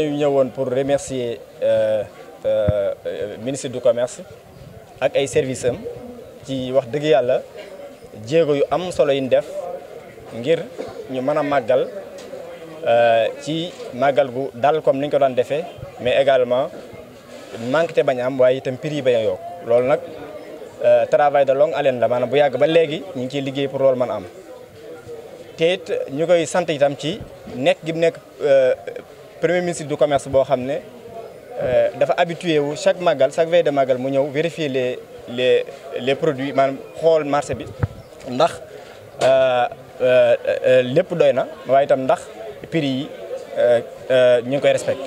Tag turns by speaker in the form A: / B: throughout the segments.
A: ñu ñëwoon pour remercier euh, euh, ministre du commerce ak ay service am ci wax dëgg yàlla jéego yu am solo yiñ def ngir ñu mën a màggal euh, ci màggal gu dal comme ni ñu ko daan defee mais également manque bañ am waaye itam prix yi bañ a yokk loolu nag euh, travail de longue haleine la maanaam bu yàgg ba léegi ñu ngi ciy liggéey pour loolu mën am te ñu koy sant itam ci nekk gi nekk euh, premier ministre du commerce boo xam ne euh, dafa habitué wu chaque màggal chaque veille de màggal mu ñëw vérifier les les les produits maanaam xool marché bi ndax euh, euh, lépp doy na waaye itam ndax prix yi ñu ngi koy respecté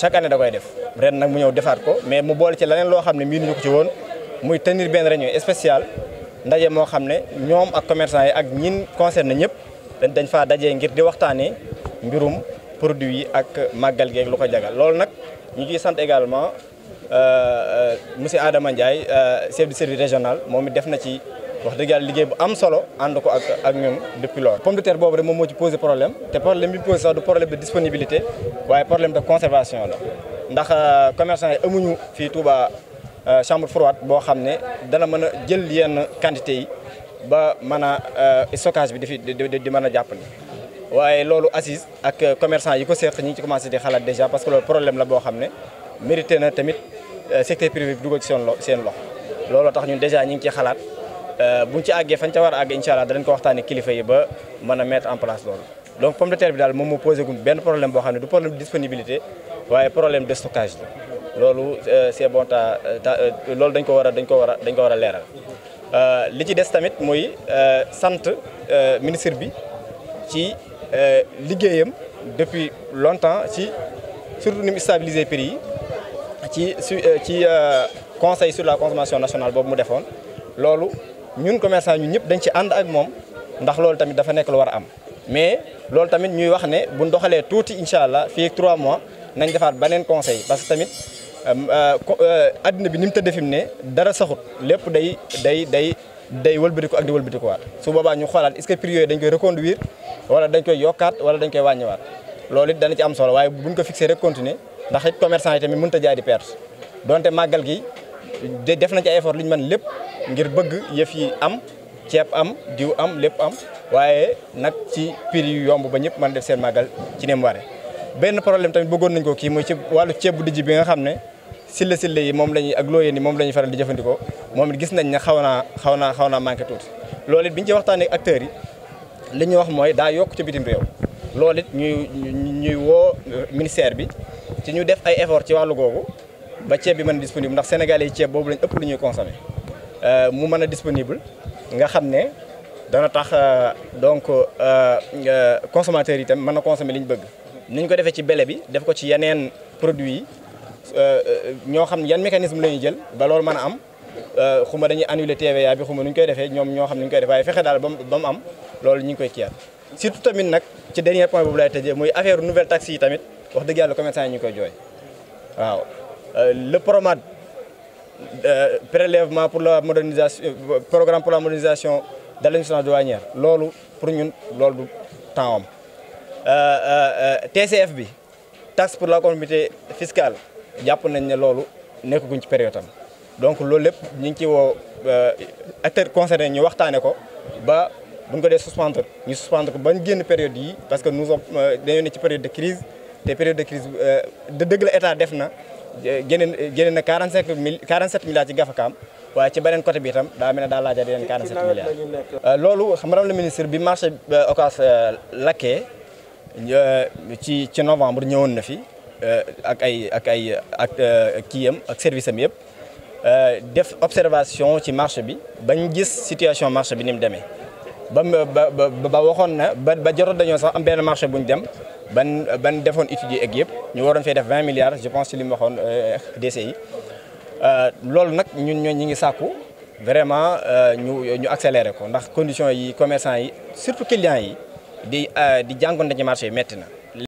A: chaque année da koy def ren nag mu ñëw defaat ko mais mu boole ci leneen loo xam ne miinuñu ko ci woon muy tenir benn réunion spéciale ndaje moo xam ne ñoom ak commerçant yi ak ñin concerné ñëpp dañ dañ faa daje ngir di waxtaanee mbirum produit yi ak màggal geeg lu ko jagal loolu nag ñu ciy sant également euh, euh, monsieur Adama Ndiaye euh, chef de service régional moom it def na ci wax dëgg yàlla liggéey bu am solo ànd ko ak ak ñun depuis loolu. pomme de terre boobu rek moom moo ci posé problème te problème bi posé sax du problème de disponibilité waaye problème de conservation la ndax commerçant yi amuñu fii Touba chambre froide boo xam ne dana mën a jël yenn quantité yi ba mën a stockage bi di fi di mën a jàpp ni waaye loolu assise ak commercant yi ko seq ñi ci commencé di xalaat déjà parce que loolu problème la boo xam ne mérité na tamit euh, secteur privé bi dugal ci seen lo seen loxo tax ñun déjà ñi ngi ciy xalaat euh, buñ ci àggee fañ ca war a àgg incha allah dañ ko waxtaanee kilifa yi ba mën a mettre en place loolu. donc pomme de terre bi daal moom moo posé gun benn problème boo xam ne du problème disponibilité waaye problème de stockage la loolu euh, c'est bon ta loolu dañ ko war a dañ ko war a dañ ko war a leeral li ci des tamit muy sant ministre bi Euh, liggéeyam depuis longtemps ci surtout ni mu stabiliser prix yi ci su euh, ci euh, conseil sur la consommation nationale boobu mu defoon loolu ñun commerçant ñun ñëpp dañ ci ànd ak moom ndax loolu tamit dafa nekk lu war a am mais loolu tamit ñuy wax ne bu ñu doxalee tuuti incha allah fii trois mois nañ defaat beneen conseil parce que tamit addina bi ni mu tëddee fi ne dara saxut lépp day day day day wëlbatiku ak di wëlbatikuwaat su boobaa ñu xoolaat est-ce que prix yooyu dañ koy reconduire wala dañ koy yokkaat wala dañ koy wàññewaat loolu it dana ci am solo waaye buñ ko fixé rek ndax it commerçant yi tamit mënut a jaay di perte donte màggal gi def nañ ci ay effort lu ñu man lépp ngir bëgg yëf yi am ceeb am diw am lépp am waaye nag ci prix yu yomb ba ñëpp mën def seen màggal ci ni mu benn problème tamit bëggoon nañ ko kii muy ci wàllu ceeb bu dijj bi nga xam ne silla silla yi moom lañuy ak looyéen ni moom la ñuy faral di jëfandikoo moom gis nañ ne xaw naa xaw naa xaw naa manqué tuuti loolu it bi ci waxtaanee ak acteurs yi li ñuy wax mooy daa yokk ci bitim réew loolu it ñuy ñuy woo ministère bi ci ñu def ay effort wàllu googu ba ceeb bi mën a disponible ndax sénégalais yi ceeb boobu lañ ëpp lu ñuy consommer euh, mu mën a disponible nga xam ne dana tax euh, donc euh, consommateurs yi itam mën a consommer li ñu bëgg ni ñu ko defee ci bele bi def ko ci yeneen produit yi Euh, euh, ñoo xam yan mécanisme la ñuy jël ba loolu man a am euh, xuma dañuy annuler TVA bi xuma nu ñu koy defee ñoom ñoo xam ni ñu koy def waaye fexe daal ba mu am loolu ñu ngi koy kiyaat surtout tamit nag ci dernier point boobu lay tëjee muy affaire nouvelle taxe yi tamit wax dëgg yàlla commerçant yi ñu koy jooy waaw le PROMAD prélèvement pour la modernisation programme pour la modernisation de l'administration douanière loolu pour ñun loolu du temps am TCF bi taxe pour la conformité fiscale jàpp nañ ne loolu nekkaguñ ci période am donc loolu lépp ñu ngi ci woo euh, acteurs concernés ñu waxtaane ko ba bu ñu ko dee suspendre ñu suspendre ko ba ñu génn période yi parce que nous sommes euh, dañoo ne ci période de crise te période de crise euh, de dëgg la état def na génne génne na 45 mille 47 milliards ci gafakaam waaye ci beneen côté bi itam daa mel ne daa laajaat yeneen 47 milliards. loolu xam madame la ministre bi marché Ocass lakkee ci ci novembre ñëwoon na fi. Euh, ak ay ak ay ak euh, kii am ak service am yëpp euh, def observation ci marché bi bañ gis situation marché bi ni mu demee ba ba ba waxoon na ba ba jaroon dañoo sax am benn marché bu ñu dem ban ban defoon étudier ak yëpp ñu waroon fee def 20 milliards je pense ci li mu waxoon DCI yi loolu nag ñun ñoo ñi ngi sàkku vraiment ñu ñu accéléré ko ndax condition yi commerçant yi surtout clients yi di di jàngoon na ci marché yi métti na.